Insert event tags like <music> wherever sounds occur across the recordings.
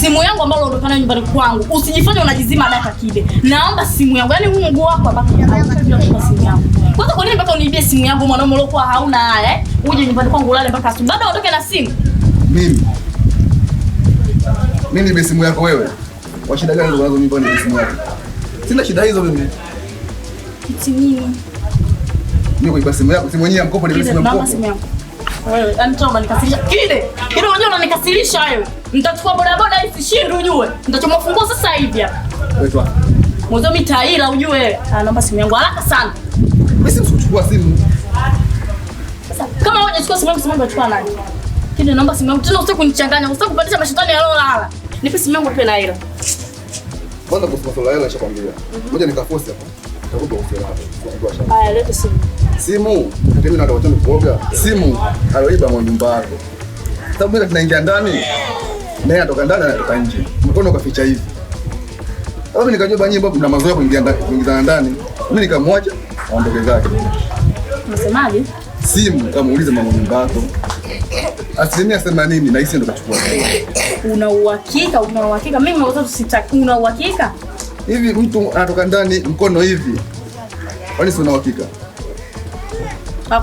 simu yangu ambayo unaondoka nayo nyumbani kwangu, usijifanye unajizima data kile. Naomba simu yangu, yani huu mguu wako hapa kwa simu yangu kwanza. Kwa nini mpaka uniibie simu yangu, mwanaume uliokuwa hauna haya eh? Uje nyumbani kwangu ulale mpaka asubuhi, bado utoke na simu? Mimi mimi niibie simu yako wewe? Kwa shida gani unazo nyumbani na simu yako? Sina shida hizo mimi. Kiti mimi. Mimi kuiba simu yako, simu yenyewe mkopo, ni simu mkopo. Wewe, anitoa toba nikasirisha. Kile, kile unajua unanikasirisha wewe. Mtachukua boda boda hizi shindu ujue. Mtachoma funguo sasa hivi hapa. Wetwa. Mwanzo mitaila ujue. Ah, naomba simu yangu haraka sana. Mimi simchukua simu. Sasa kama wewe unachukua simu yangu, simu yangu unachukua nani? Kile naomba simu yangu. Tena usitaki kunichanganya, usitaki kupandisha mashetani ya yalolala. Nipe simu yangu pia na hilo. Kwanza kwa sababu la hela nishakwambia. Ngoja nikafosi hapa. Nitakupa offer hapa. Haya, leta simu. Simu. hata Mimi na ndoto ni kuoga. Simu. Aloiba mwa nyumba yako. Sababu mimi tunaingia ndani naye atoka anatoka ndani anatoka nje, mkono ukaficha hivi. Mimi nikajua banyie babu na mazoea kuingia ndani kuingia ndani, mimi nikamwacha aondoke zake. Unasemaje? simu kamuulize mama nyumba yako, asilimia themanini na hisi ndo kachukua. Una uhakika? Una uhakika? Mimi mwanzo tusitaki. Una uhakika hivi? Mtu anatoka ndani mkono hivi, kwani si una uhakika?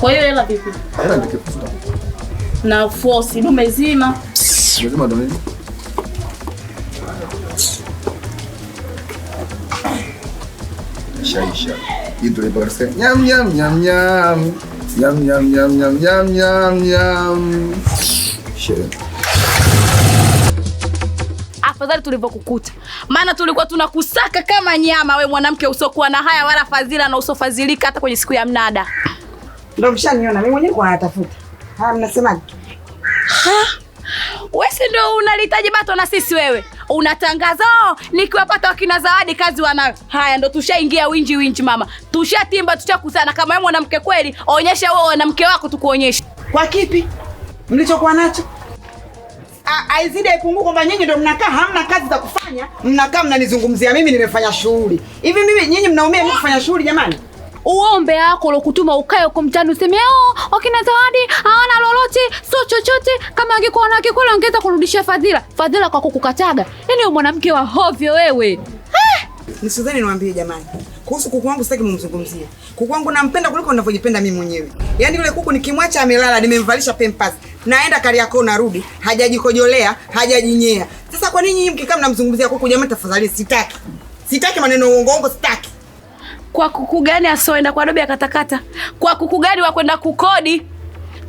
Kwa hiyo hela vipi? Hela ndio kifuta na force dume zima Je vais m'adonner. Shaisha. Hii tulipa katika yam, yam, yam. Yam, yam, yam, yam, yam, yam, yam. nyam. Afadhali tulivyokukuta. Maana tulikuwa tunakusaka kama nyama, we mwanamke usokuwa na haya wala fadhila na usofadhilika hata kwenye siku ya mnada. Ndio mshaniona mimi mwenyewe kwa atafuta. Haya mnasemaje? Ha? Wesi ndo unalihitaji bato na sisi wewe unatangaza oh, nikiwapata wakina Zawadi kazi wanayo. Haya, ndo tushaingia winji winji, mama, tushatimba, tushakusana. Kama wewe mwanamke kweli, onyesha wewe mwanamke wako tukuonyeshe. Kwa kipi mlichokuwa nacho aizidi aipunguu, kwamba nyinyi ndo mnakaa hamna kazi za kufanya, mnakaa mnanizungumzia mimi nimefanya shughuli hivi. Mimi nyinyi mnaumia mimi kufanya shughuli? Jamani uombe wako ulokutuma ukae huko kumtani, useme oh, wakina Zawadi hawana lolote, sio chochote, kama angekuwa na kikolo angeweza kurudishia fadhila. Fadhila kwa kukukataga, yaani wewe mwanamke wa hovyo wewe. Eh! Nisizeni niwaambie jamani, kuhusu kuku wangu sitaki mumzungumzie. Kuku wangu nampenda kuliko ninavyojipenda mimi mwenyewe. Yaani yule kuku nikimwacha amelala, nimemvalisha pampers, naenda kari yako narudi, hajajikojolea, hajajinyea. Sasa kwa nini nyinyi mkikaa mnamzungumzia kuku jamani? Tafadhali sitaki. Sitaki maneno uongo uongo sitaki. Kwa kuku gani asoenda kwa dobi akatakata? Kwa kuku gani wa kwenda kukodi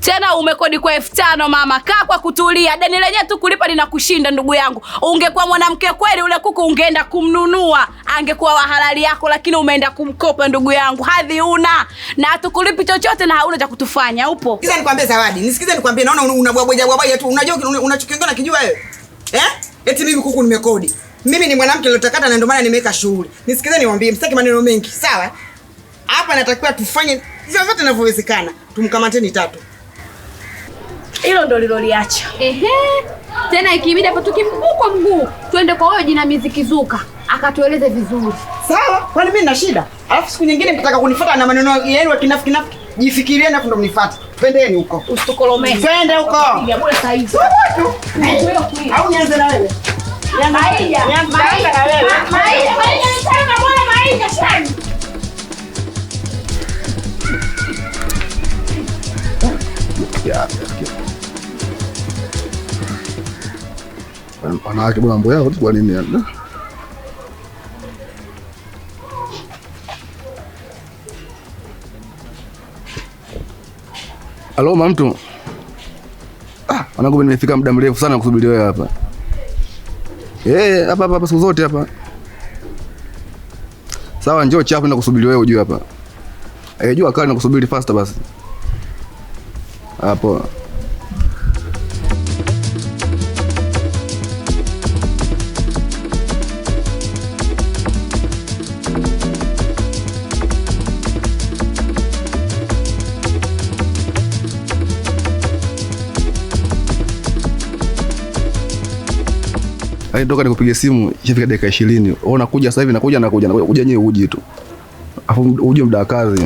tena umekodi kwa elfu tano mama, kaa kwa kutulia. Deni lenyewe tu kulipa linakushinda ndugu yangu. Ungekuwa mwanamke kweli, ule kuku ungeenda kumnunua, angekuwa wa halali yako, lakini umeenda kumkopa ndugu yangu. Hadhi una na hatukulipi chochote na hauna cha kutufanya. Upo sikiza nikwambie Zawadi, nisikize nikwambie. Naona unabwabwaja bwabaja tu, unajua unachokiongea, unakijua wewe eh? Eti mimi kuku nimekodi mimi ni mwanamke nilotakata na ndio maana nimeweka shughuli. Nisikizeni niwaambie, msitaki maneno mengi, sawa? Hapa natakiwa tufanye vyovyote vinavyowezekana. Tumkamateni Tatu. Hilo ndo liloliacha. Ehe. Tena ikibidi hapo tukimguu kwa mguu, twende kwa wewe jinamizi kizuka, akatueleze vizuri. Sawa? Kwani mimi nina shida? Alafu siku nyingine mtataka kunifuata na maneno yenu ya kinafiki kinafiki. Jifikirieni afu ndo mnifuate. Pendeni huko. Usitukolomeni. Twende huko. bure Au Wanawake bwana, mambo yao kwa nini? Halo mamtu, ah, wanangu, nimefika muda mrefu sana kusubiri wewe hapa. Eh, hapa hapa siku zote hapa. Sawa, njoo chafu na kusubiri wewe juu hapa. Eh, jua kali na kusubiri faster basi. Hapo. Yaani toka nikupiga simu ishafika dakika ishirini. Nakuja sasa hivi, nakuja nakuja nakuja, nyewe uji tu, afu uje mda wa kazi,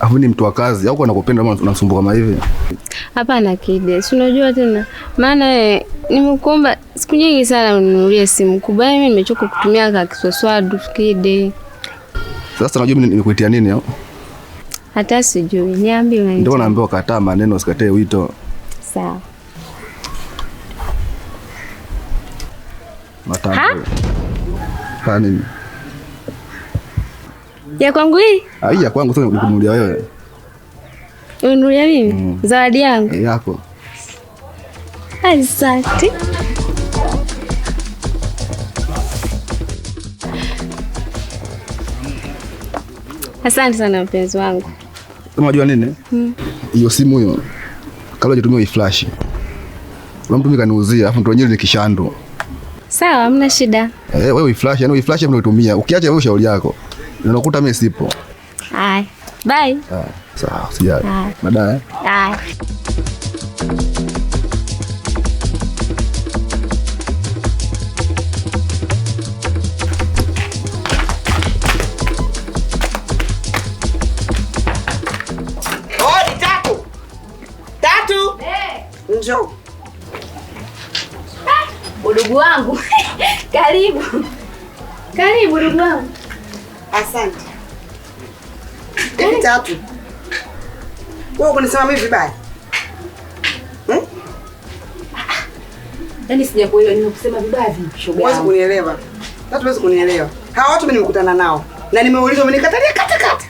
afu ni mtu wa kazi au nakupenda, unamsumbua kama hivi? Hapana Kide, si unajua tena, maana eh, nimekuomba siku nyingi sana uninunulie simu kubwa, mimi nimechoka kutumia kakiswaswadu Kide. Sasa najua mimi nimekuitia nini au hata sijui, niambie. Ndio naambiwa kataa maneno, usikatae wito. Sawa. Ha? Nini? Ya kwangu hii? Hii ya kwangu sasa nikununulia wewe. Ununulia mimi? Mm. Zawadi yangu. Eh, yako. Asante. Asante sana mpenzi wangu. Unajua nini? Mm. Hiyo mm. simu hiyo kabla afu ndio Sawa, hamna shida. Eh, wewe uiflash, yani uiflash ndio utumia. Ukiacha wewe ushauri yako. Unakuta mimi sipo. Hai. Bye. Ah, sawa, usijali. Baadaye. Hai. Oh, Njoo udugu wangu <laughs> karibu karibu udugu wangu. Asante. Tatu, wewe unisema mimi vibaya hmm? Yaani sijakuelewa, nimekusema vibaya vipi shoga? Huwezi kunielewa Tatu, huwezi kunielewa. Hawa watu mimi nimekutana nao na nimeulizwa, wamenikatalia katakata.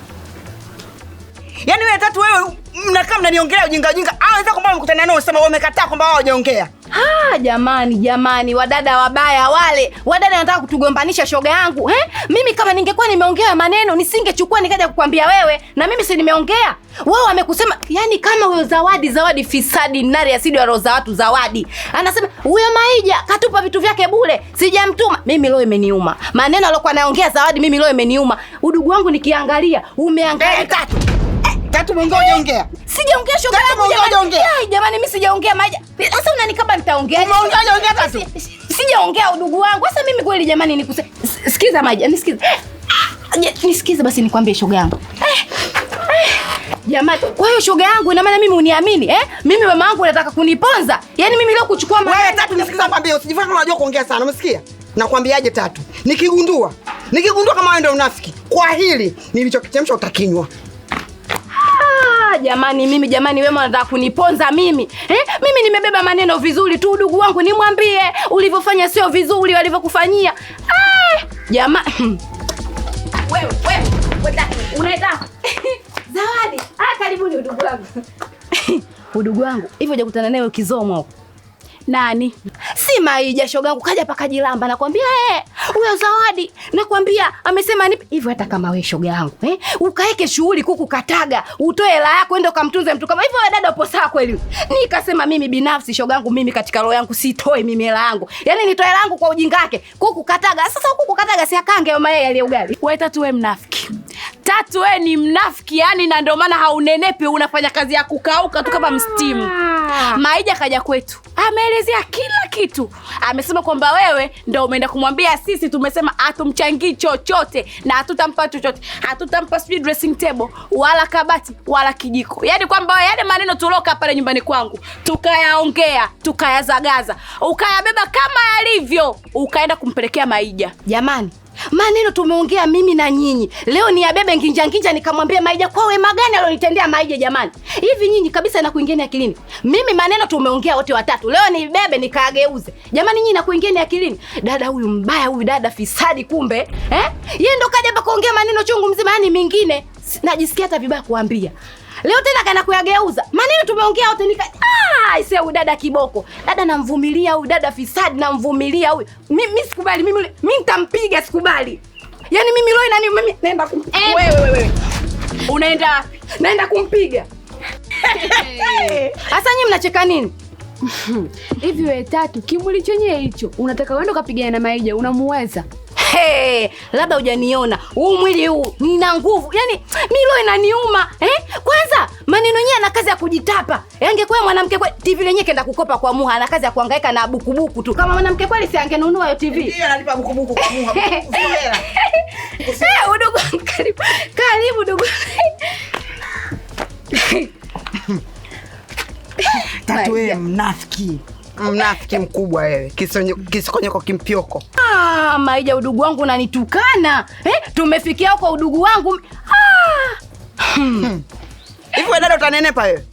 Yaani wewe Tatu wewe mnakaa mnaniongelea ujinga ujinga. Hao wenzako ambao mkutana nao sema wamekataa kwamba wao hawajaongea. Ha, jamani jamani, wadada wabaya wale wadada wanataka kutugombanisha shoga yangu eh? Mimi kama ningekuwa nimeongea maneno nisingechukua nikaja kukwambia wewe, na mimi si nimeongea. Wao wamekusema, yani kama huyo Zawadi, Zawadi fisadi nari asidi wa za watu. Zawadi anasema huyo Maija katupa vitu vyake bure, sijamtuma mimi. Leo imeniuma maneno aliyokuwa anaongea Zawadi, mimi leo imeniuma. Udugu wangu nikiangalia umeangalia hey, tatu Tatu mwingine hujaongea. Sijaongea shoga yangu. Jamani mimi sijaongea maji. Sasa unanikaba nitaongea. Umeongea hujaongea tatu. Sijaongea udugu wangu. Sasa mimi kweli jamani nikuse. Sikiza maji, nisikize. Nisikize basi nikwambie shoga yangu. Eh, eh. Jamani, kwa hiyo shoga yangu ina maana mimi uniamini eh? Mimi mama yangu anataka kuniponza. Yaani mimi leo kuchukua mama. Wewe tatu nisikiza kwambie usijifanye unajua kuongea sana. Umesikia? Nakwambiaje tatu? Nikigundua. Nikigundua kama wewe ndio unafiki. Kwa hili nilichokichemsha utakinywa. Ah, jamani mimi jamani, wewe unataka kuniponza mimi eh? Mimi nimebeba maneno vizuri tu, udugu wangu, nimwambie ulivyofanya sio vizuri walivyokufanyia. Ah, jamani <clears throat> wewe wewe unaenda <laughs> Zawadi. Ah, karibuni udugu wangu udugu <laughs> wangu, hivyo hujakutana naye ukizomwa huko nani? Si Maija shogangu kaja pakajilamba, nakwambia eh huyo Zawadi nakwambia, amesema nipe hivyo. Hata kama we shoga yangu eh, ukaeke shughuli kuku kataga, utoe hela yako ende ukamtunze mtu kama hivyo, wewe dada, upo sawa kweli? Nikasema mimi binafsi, shoga yangu, mimi katika roho yangu sitoi mimi hela yangu, yani nitoe hela yangu kwa ujinga wake kuku kataga. Sasa kuku kataga si akange mama yeye aliye ugali, waita wewe mnafiki Tatu, wewe ni mnafiki yani, na ndio maana haunenepi, unafanya kazi ya kukauka tu kama mstimu. Ah. Maija kaja kwetu, ameelezea kila kitu, amesema kwamba wewe ndio umeenda kumwambia. Sisi tumesema hatumchangii chochote na hatutampa chochote, hatutampa sijui dressing table wala kabati wala kijiko, yani kwamba yale yaani maneno tuloka pale nyumbani kwangu tukayaongea tukayazagaza, ukayabeba kama yalivyo, ukaenda kumpelekea Maija. Jamani, maneno tumeongea mimi na nyinyi leo, ni abebe nginja nginja, nikamwambia Maija kwa wema gani alionitendea Maija. Jamani, hivi nyinyi kabisa nakuingieni akilini? Mimi maneno tumeongea wote watatu, leo ni bebe nikaageuze. Jamani nyinyi nakuingieni akilini? Dada huyu mbaya, huyu dada fisadi, kumbe eh? Yeye ndo kaja hapa kuongea maneno chungu mzima, yani mingine najisikia hata vibaya kuambia Leo tena kana kuyageuza maneno tumeongea wote nika aise, ah, huyu dada kiboko, dada namvumilia huyu dada fisadi, namvumilia huyu mimi, sikubali mimi, mimi nitampiga, sikubali. Yaani mimi roi nani mimi naenda kum... eh. Wewe wewe unaenda naenda kumpiga hasa <laughs> nyinyi mnacheka nini <laughs> hivi? wewe tatu kimwili chenye hicho unataka uende ukapigana na Maija, unamuweza? Hey, labda hujaniona huu mwili huu nina nguvu, yaani milo inaniuma eh? Kwanza maneno yenyewe ana kazi ya kujitapa. kwa mwanamke kweli, TV lenyewe kaenda kukopa kwa Muha, ana kazi ya kuhangaika na bukubuku tu. Kama mwanamke kweli, si angenunua hiyo TV. analipa bukubuku kwa Muha. <laughs> Eh, udugu karibu. Karibu Tatu wewe mnafiki. Mnafiki mkubwa wewe, kisokonyeko kimpyoko. Ah, Maija, udugu wangu unanitukana eh? Tumefikia kwa udugu wangu ah! hmm. hmm. hivyo. Dada, utanenepa wewe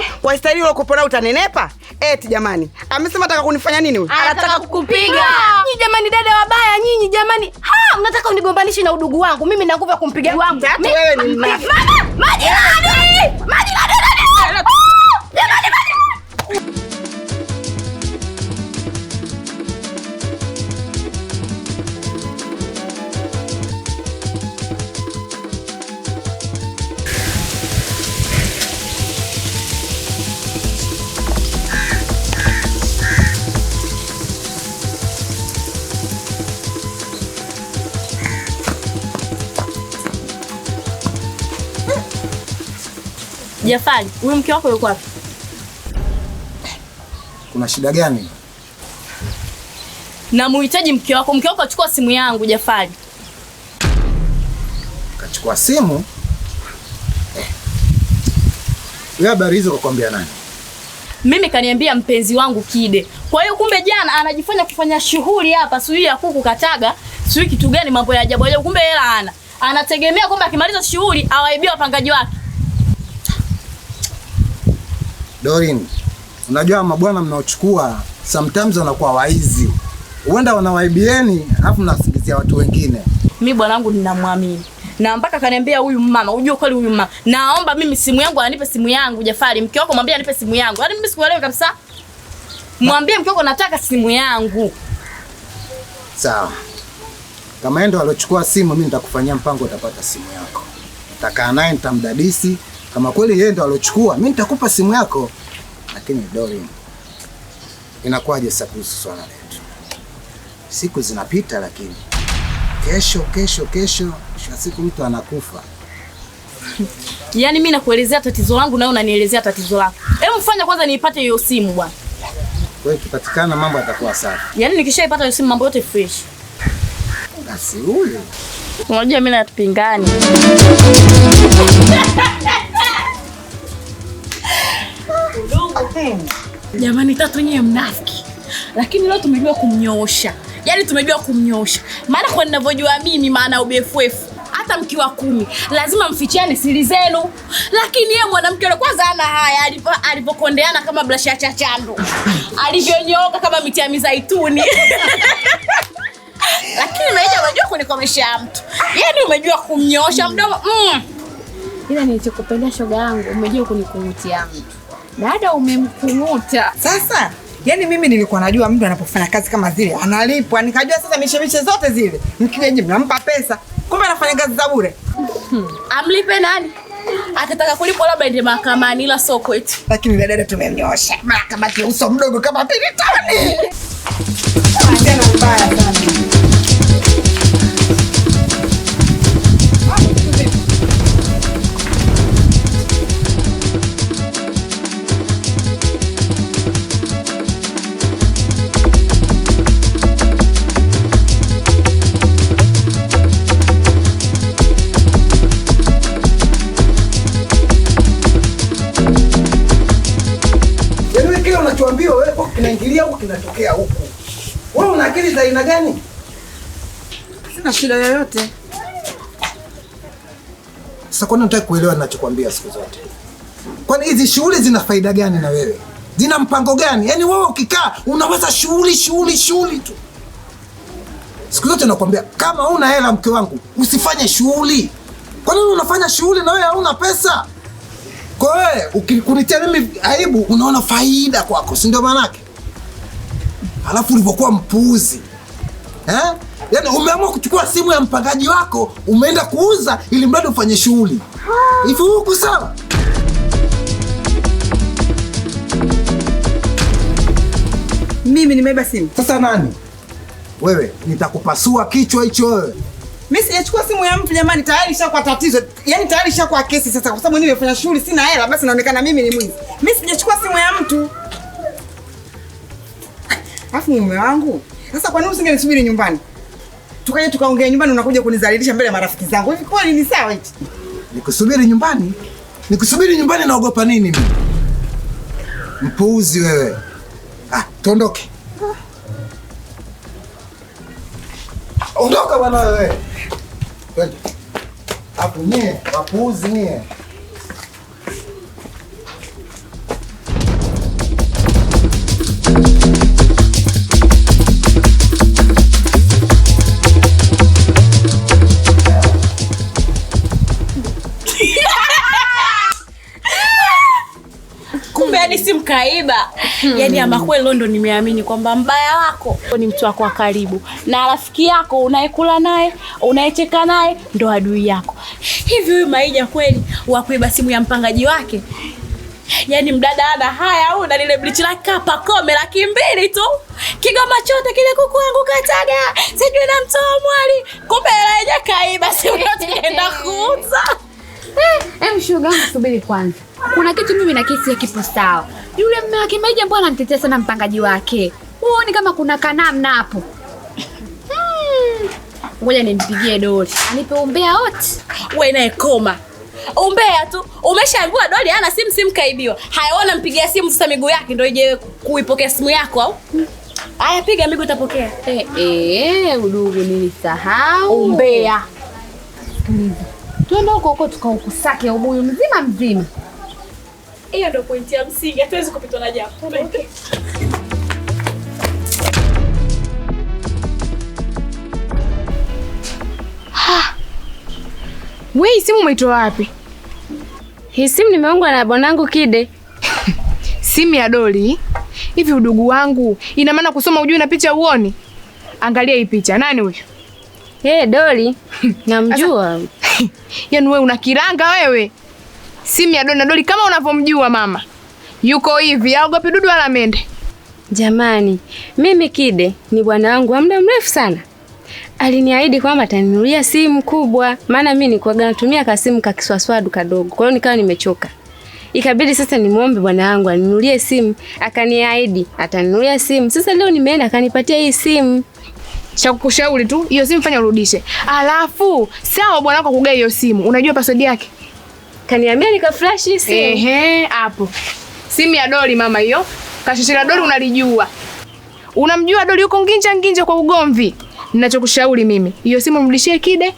eh. kwa staili ulokopona, utanenepa eti. Jamani, amesema taka kunifanya nini Anataka kukupiga nyinyi. Jamani, dada wabaya nyinyi jamani. Ha, unataka unigombanishi na udugu wangu mimi na nguvu ya kumpiga wangu? Wewe ni mnafiki. Majirani! Jafari, huyu mke wako yuko wapi? Kuna shida gani? Namuhitaji mke wako. Mke wako achukua simu yangu Jafari. Kachukua simu? Eh. wewe Eh. Habari hizo kakwambia nani? Mimi kaniambia mpenzi wangu Kide. Kwa hiyo kumbe jana anajifanya kufanya shughuli hapa, sijui ya kuku kataga, sijui kitu gani, mambo ya ajabu ajabu, kumbe hela ana. Anategemea kwamba akimaliza shughuli awaibia wapangaji wake. Dorin, unajua mabwana mnaochukua sometimes wanakuwa waizi, huenda wanawaibieni alafu mnasingizia watu wengine. Mi bwanangu ninamwamini na mpaka kaniambia huyu mama, unajua kweli huyu mama, naomba mimi simu yangu, anipe simu yangu. Jafari, mke wako mwambie anipe simu yangu. Yaani mimi sikuelewi kabisa, mwambie mke wako nataka simu yangu. Sawa, kama yeye ndo aliochukua simu, mimi nitakufanyia mpango, utapata simu yako, nitakaa naye, nitamdadisi kama kweli yeye ndo alochukua, mimi nitakupa simu yako. Lakini Dorin, inakuwaje sasa kuhusu swala letu? Siku zinapita, lakini kesho kesho kesho, shwa siku mtu anakufa. <laughs> Yaani mimi nakuelezea tatizo langu na wewe unanielezea tatizo lako. Hebu mfanya kwanza niipate hiyo simu bwana. Kwa hiyo kipatikana mambo yatakuwa sawa. Yaani nikishaipata hiyo simu mambo yote fresh. Basi huyo. Unajua mimi natupingani. <laughs> Jamani tatu, nyewe mnafiki, lakini leo tumejua kumnyoosha, yaani tumejua kumnyoosha. Maana kwa ninavyojua mimi, maana ubefuefu, hata mkiwa kumi lazima mfichiane siri zenu, lakini yeye mwanamke yule kwanza ana haya, alivyokondeana kama blasha cha chando, alivyonyooka kama miti ya mizaituni <laughs> lakini maisha unajua kunikomesha mtu, yaani umejua kumnyoosha mdomo mm. Ila nilichokupenda shoga yangu, umejua kunikuvutia mtu Dada umemkung'uta sasa. yani mimi nilikuwa najua mtu anapofanya kazi kama zile analipwa, nikajua sasa mishemishe zote zile, mkijaji mnampa pesa, kumbe anafanya kazi za bure. Hmm. Amlipe nani? Atataka kulipwa labda ende mahakamani, ila sio kwetu. Lakini dada tumemnyosha mahakamani, uso mdogo kama pilitoni. vinatokea huku. Wewe una akili za aina gani? Sina shida yoyote. Sasa kwani unataka kuelewa ninachokwambia siku zote? Kwani hizi shughuli zina faida gani na wewe? Zina mpango gani? Yaani wewe ukikaa unawaza shughuli shughuli shughuli tu. Siku zote nakwambia kama una hela mke wangu, usifanye shughuli. Kwa nini unafanya shughuli na wewe hauna pesa? Kwa wewe ukikunitia mimi aibu, unaona faida kwako, si ndio maana yake? Alafu ulivyokuwa mpuuzi eh? Yani umeamua kuchukua simu ya mpangaji wako umeenda kuuza ili mradi ufanye shughuli hivi, huku sawa? Mimi nimeiba simu. Sasa nani wewe? Nitakupasua kichwa hicho wewe. Mimi sijachukua simu ya mtu jamani, tayari ishakuwa tatizo, yaani tayari ishakuwa kesi sasa, kwa sababu nimefanya shughuli, sina hela, basi naonekana mimi ni mwizi. Mimi sijachukua simu ya mtu. Alafu mume wangu sasa, kwa nini usingenisubiri nyumbani tukaje tukaongea nyumbani? Unakuja kunizalilisha mbele ya marafiki zangu, hivi kweli ni sawa hichi? Nikusubiri nyumbani? Nikusubiri nyumbani, naogopa nini mimi? Mpuuzi wewe! Ah, tondoke. Ondoka bwana wewe. Hapo nie, wapuuzi nie. mlihisi mkaiba hmm. Yaani ama kweli leo ndo nimeamini kwamba mbaya wako ni mtu wako wa karibu, na rafiki yako unayekula naye unayecheka naye ndo adui yako. Hivi huyu Maija kweli wakuiba simu ya mpangaji wake? Yaani mdada ana haya au na lile bleach la kapa kome laki mbili tu. Kigoma chote kile kuku wangu kataga. Sijui na mtoa mwali. Kumbe hela hajakaiba si unaenda kuuza. Eh, em eh, shoga, subiri kwanza kuna kitu mimi na kesi hakipo sawa. Yule mme wake Meja mbona anamtetea sana mpangaji wake? Huoni kama kuna kanamna hapo? Hmm. Ngoja nimpigie doli anipe umbea wote. Wewe naye koma umbea tu, umeshaambiwa doli ana simu, simu kaibiwa. Haya, wewe unampigia simu sasa, miguu yake ndio ije kuipokea simu yako au? Haya, piga miguu, utapokea. Eh, eh, udugu nilisahau umbea. Tuende huko huko tukaukusake ubuyu mzima mzima hiyo ndio pointi ya msingi, hatuwezi kupitwa na jambo. Okay. simu umeitoa wapi? Hii simu nimeongwa na bwanangu Kide. <laughs> Simu ya Doli? Hivi udugu wangu, ina maana kusoma ujui na picha uoni? Angalia hii picha, nani huyu? Hey, Doli <laughs> namjua. <laughs> Yaani wewe una kiranga wewe simu ya Dona Doli kama unavyomjua mama, yuko hivi, aogopi dudu wala mende. Jamani, mimi Kide ni bwana wangu wa muda mrefu sana, aliniahidi kwamba ataninulia simu kubwa, maana mimi nilikuwaga natumia simu ka kiswaswadu kadogo, kwa hiyo nikawa nimechoka Ikabidi sasa nimwombe bwana wangu aninulie simu, akaniahidi ataninulia simu. Sasa leo nimeenda akanipatia hii simu. Cha kukushauri tu, hiyo simu fanya urudishe. Alafu sawa, bwana wako kugae hiyo simu, unajua password yake? kaniambia nikaflash simu. Ehe, hapo simu ya Doli mama, hiyo kashishi la Doli unalijua, unamjua Doli yuko nginja nginja kwa ugomvi. Ninachokushauri mimi, hiyo simu mrudishie Kide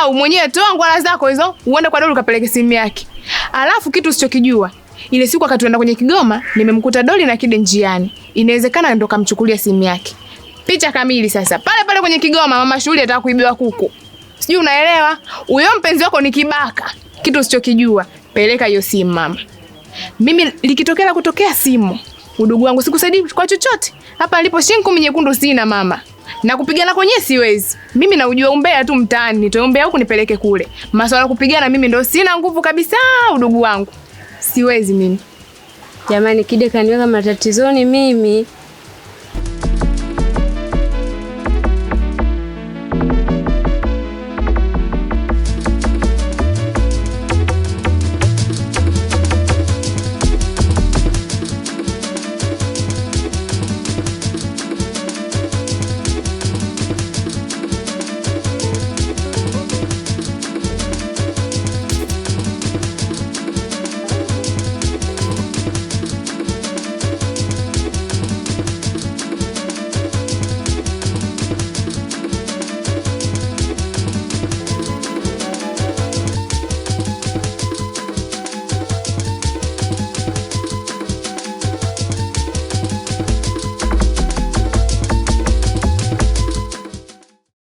au mwenyewe toa ngwala zako hizo uende kwa Doli ukapeleke simu yake. Alafu kitu usichokijua ile siku wakati tunaenda kwenye Kigoma nimemkuta Doli na Kide njiani, inawezekana ndo kamchukulia simu yake. Picha kamili sasa pale pale kwenye Kigoma, mama shughuli ataka kuibiwa kuku, sijui unaelewa. Huyo mpenzi wako ni kibaka kitu usichokijua, peleka hiyo simu mama. Mimi likitokea la kutokea simu, udugu wangu sikusaidii kwa chochote. Hapa nilipo shinkumi nyekundu sina mama, na kupigana kwenye siwezi mimi, naujua umbea tu mtaani, nitoe umbea huku nipeleke kule. Maswala kupigana mimi ndo sina nguvu kabisa, udugu wangu siwezi mimi. Jamani, Kide kaniweka matatizoni mimi